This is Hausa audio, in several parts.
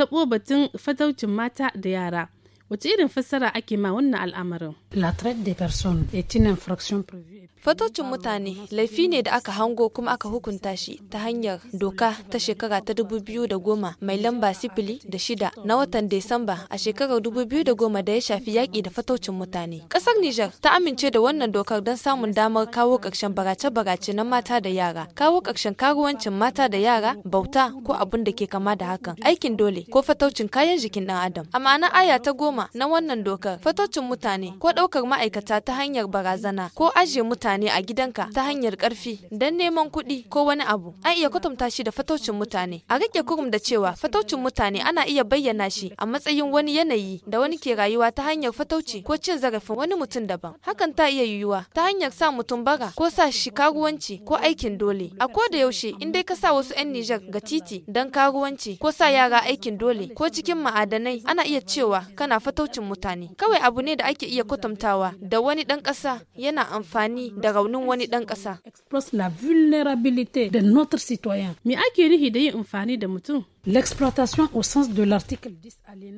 taɓo batun fataucin mata da yara. Wace irin fassara ake ma wannan al'amarin? La traite des personnes est une infraction prévue Fatocin mutane laifi ne da aka hango kuma aka hukunta shi ta hanyar doka ta shekara ta da goma mai lamba sifili da shida na watan Desamba a shekarar dubu 2010 da ya shafi yaƙi da fatocin mutane. Ƙasar Nijar ta amince da wannan dokar don samun damar kawo ƙarshen barace-barace na mata da yara, kawo ƙarshen karuwancin mata da yara, bauta ko abin da ke kama da hakan, aikin dole ko fatocin kayan jikin ɗan adam. A ma'ana aya ta goma na wannan dokar fatocin mutane ko ɗaukar ma'aikata ta hanyar barazana ko ajiye mutane mutane a gidanka ta hanyar karfi don neman kuɗi ko wani abu an iya kwatanta shi da fataucin mutane a rike kurum da cewa fataucin mutane ana iya bayyana shi a matsayin wani yanayi da wani ke rayuwa ta hanyar fatauci ko cin zarafin wani mutum daban hakan ta iya yiwuwa ta hanyar sa mutum bara ko sa shi karuwanci ko aikin dole a ko da yaushe in dai ka sa wasu 'yan Nijar ga titi don karuwanci ko sa yara aikin dole ko cikin ma'adanai ana iya cewa kana fataucin mutane kawai abu ne da ake iya kwatantawa da wani ɗan ƙasa yana amfani da raunin wani dan kasa. Express la vulnerabilité de notre citoyen. Me ake nufi da yin amfani da mutum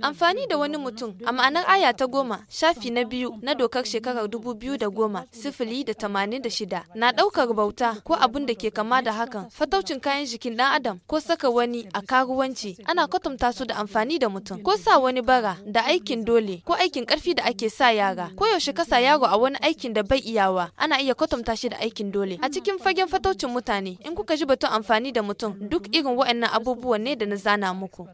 Amfani da wani mutum a ma'anar aya ta goma shafi na biyu na dokar shekarar dubu biyu da goma sifili da tamanin da shida na ɗaukar bauta ko abin da ke kama da hakan fataucin kayan jikin ɗan adam ko saka wani a karuwanci ana kwatanta su da amfani da mutum ko sa wani bara da aikin dole ko aikin karfi da ake sa yara ko yaushe ka yaro a wani aikin da bai iyawa ana iya kwatanta shi da aikin dole a cikin fagen fataucin mutane in kuka ji batun amfani da mutum duk irin waɗannan abubuwan ne da na zana muku.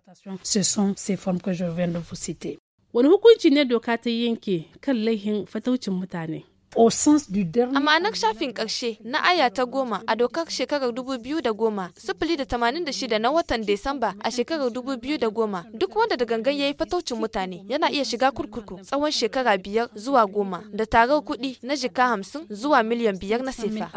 Wani hukunci ne doka ta yanke kan laihin fataucin mutane? a ma'anar shafin ƙarshe na aya ta goma a dokar shekarar dubu biyu da goma sifili da tamanin da shida na watan desamba a shekarar dubu biyu da goma duk wanda da gangan ya yi fataucin mutane yana iya shiga kurkuku tsawon shekara biyar zuwa goma da tarar kuɗi na jika hamsin zuwa miliyan biyar na sefa.